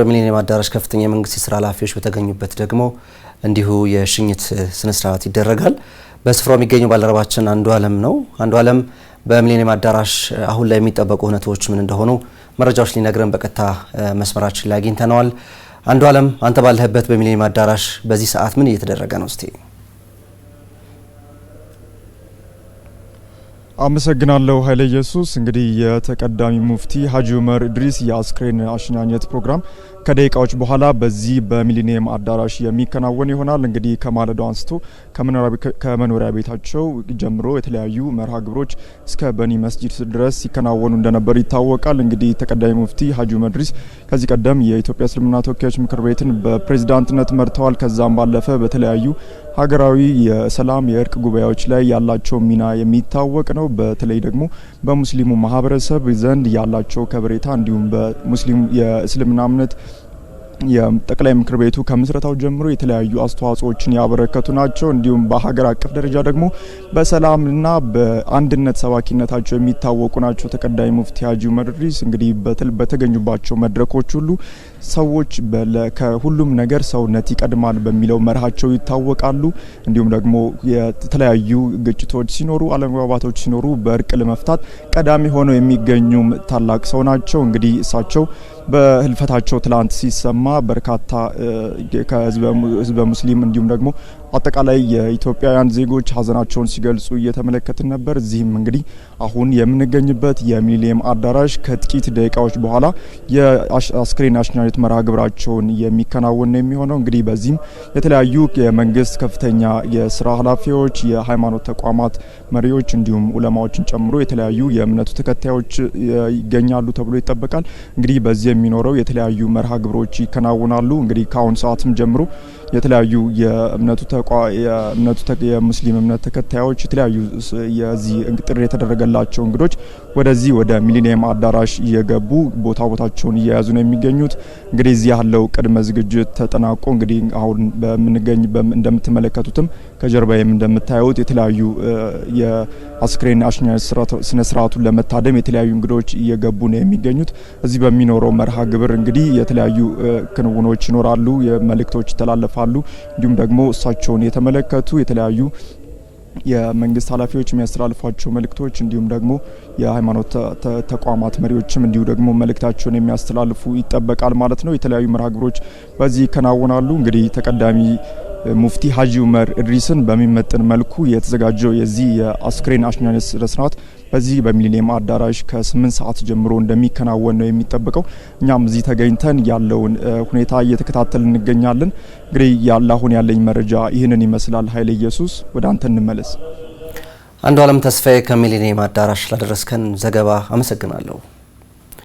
በሚሊኒየም አዳራሽ ከፍተኛ የመንግስት የስራ ኃላፊዎች በተገኙበት ደግሞ እንዲሁ የሽኝት ስነስርዓት ይደረጋል። በስፍራው የሚገኙ ባልደረባችን አንዱ አለም ነው። አንዱ አለም በሚሊኒየም አዳራሽ አሁን ላይ የሚጠበቁ እውነቶች ምን እንደሆኑ መረጃዎች ሊነግረን በቀጥታ መስመራችን ላይ አግኝተነዋል። አንዱ አለም አንተ ባለህበት በሚሊኒየም አዳራሽ በዚህ ሰዓት ምን እየተደረገ ነው? እስቲ አመሰግናለሁ ኃይለ ኢየሱስ። እንግዲህ የተቀዳሚ ሙፍቲ ሀጂ ዑመር ኢድሪስ የአስክሬን አሸኛኘት ፕሮግራም ከደቂቃዎች በኋላ በዚህ በሚሊኒየም አዳራሽ የሚከናወን ይሆናል። እንግዲህ ከማለዳው አንስቶ ከመኖሪያ ቤታቸው ጀምሮ የተለያዩ መርሃ ግብሮች እስከ በኒ መስጂድ ድረስ ሲከናወኑ እንደነበር ይታወቃል። እንግዲህ ተቀዳሚ ሙፍቲ ሀጂ መድሪስ ከዚህ ቀደም የኢትዮጵያ እስልምና ተወካዮች ምክር ቤትን በፕሬዝዳንትነት መርተዋል። ከዛም ባለፈ በተለያዩ ሀገራዊ የሰላም የእርቅ ጉባኤዎች ላይ ያላቸው ሚና የሚታወቅ ነው። በተለይ ደግሞ በሙስሊሙ ማህበረሰብ ዘንድ ያላቸው ከበሬታ እንዲሁም በሙስሊም የእስልምና እምነት የጠቅላይ ምክር ቤቱ ከምስረታው ጀምሮ የተለያዩ አስተዋጽኦዎችን ያበረከቱ ናቸው። እንዲሁም በሀገር አቀፍ ደረጃ ደግሞ በሰላምና በአንድነት ሰባኪነታቸው የሚታወቁ ናቸው። ተቀዳሚ ሙፍቲ ሀጂ ዑመር ኢድሪስ እንግዲህ በተገኙባቸው መድረኮች ሁሉ ሰዎች ከሁሉም ነገር ሰውነት ይቀድማል በሚለው መርሃቸው ይታወቃሉ። እንዲሁም ደግሞ የተለያዩ ግጭቶች ሲኖሩ፣ አለመግባባቶች ሲኖሩ በእርቅ ለመፍታት ቀዳሚ ሆነው የሚገኙም ታላቅ ሰው ናቸው። እንግዲህ እሳቸው በህልፈታቸው ትላንት ሲሰማ በርካታ ከህዝበ ሙስሊም እንዲሁም ደግሞ አጠቃላይ የኢትዮጵያውያን ዜጎች ሀዘናቸውን ሲገልጹ እየተመለከትን ነበር። እዚህም እንግዲህ አሁን የምንገኝበት የሚሊኒየም አዳራሽ ከጥቂት ደቂቃዎች በኋላ የአስክሬን ናሽናሊት መርሃ ግብራቸውን የሚከናወን ነው የሚሆነው። እንግዲህ በዚህም የተለያዩ የመንግስት ከፍተኛ የስራ ኃላፊዎች፣ የሃይማኖት ተቋማት መሪዎች እንዲሁም ዑለማዎችን ጨምሮ የተለያዩ የእምነቱ ተከታዮች ይገኛሉ ተብሎ ይጠበቃል። እንግዲህ በዚህ የሚኖረው የተለያዩ መርሃ ግብሮች ይከናወናሉ። እንግዲህ ከአሁን ሰዓትም ጀምሮ የተለያዩ የእምነቱ የእምነቱ የሙስሊም እምነት ተከታዮች የተለያዩ የዚህ ጥሪ የተደረገላቸው እንግዶች ወደዚህ ወደ ሚሊኒየም አዳራሽ እየገቡ ቦታ ቦታቸውን እየያዙ ነው የሚገኙት። እንግዲህ እዚህ ያለው ቅድመ ዝግጅት ተጠናቆ እንግዲህ አሁን በምንገኝ እንደምትመለከቱትም ከጀርባዬም እንደምታዩት የተለያዩ የአስክሬን አሽኛ ስነስርዓቱን ለመታደም የተለያዩ እንግዶች እየገቡ ነው የሚገኙት። እዚህ በሚኖረው መርሃ ግብር እንግዲህ የተለያዩ ክንውኖች ይኖራሉ፣ መልእክቶች ይተላለፋሉ። እንዲሁም ደግሞ እሳቸው መሆናቸውን የተመለከቱ የተለያዩ የመንግስት ኃላፊዎች የሚያስተላልፏቸው መልእክቶች እንዲሁም ደግሞ የሃይማኖት ተቋማት መሪዎችም እንዲሁ ደግሞ መልእክታቸውን የሚያስተላልፉ ይጠበቃል ማለት ነው። የተለያዩ መርሃ ግብሮች በዚህ ይከናወናሉ። እንግዲህ ተቀዳሚ ሙፍቲ ሀጂ ኡመር እድሪስን በሚመጥን መልኩ የተዘጋጀው የዚህ የአስክሬን አሸኛኘት ስነ በዚህ በሚሊኒየም አዳራሽ ከ8 ሰዓት ጀምሮ እንደሚከናወን ነው የሚጠበቀው። እኛም እዚህ ተገኝተን ያለውን ሁኔታ እየተከታተል እንገኛለን። እንግዲህ ያለ አሁን ያለኝ መረጃ ይህንን ይመስላል። ኃይለ ኢየሱስ ወደ አንተ እንመለስ። አንዱ አለም ተስፋዬ ከሚሊኒየም አዳራሽ ላደረስከን ዘገባ አመሰግናለሁ።